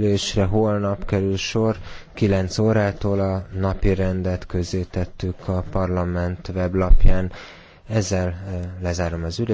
ülésre holnap kerül sor, 9 órától a napi rendet közé tettük a parlament weblapján. Ezzel eh, lezárom az ülést.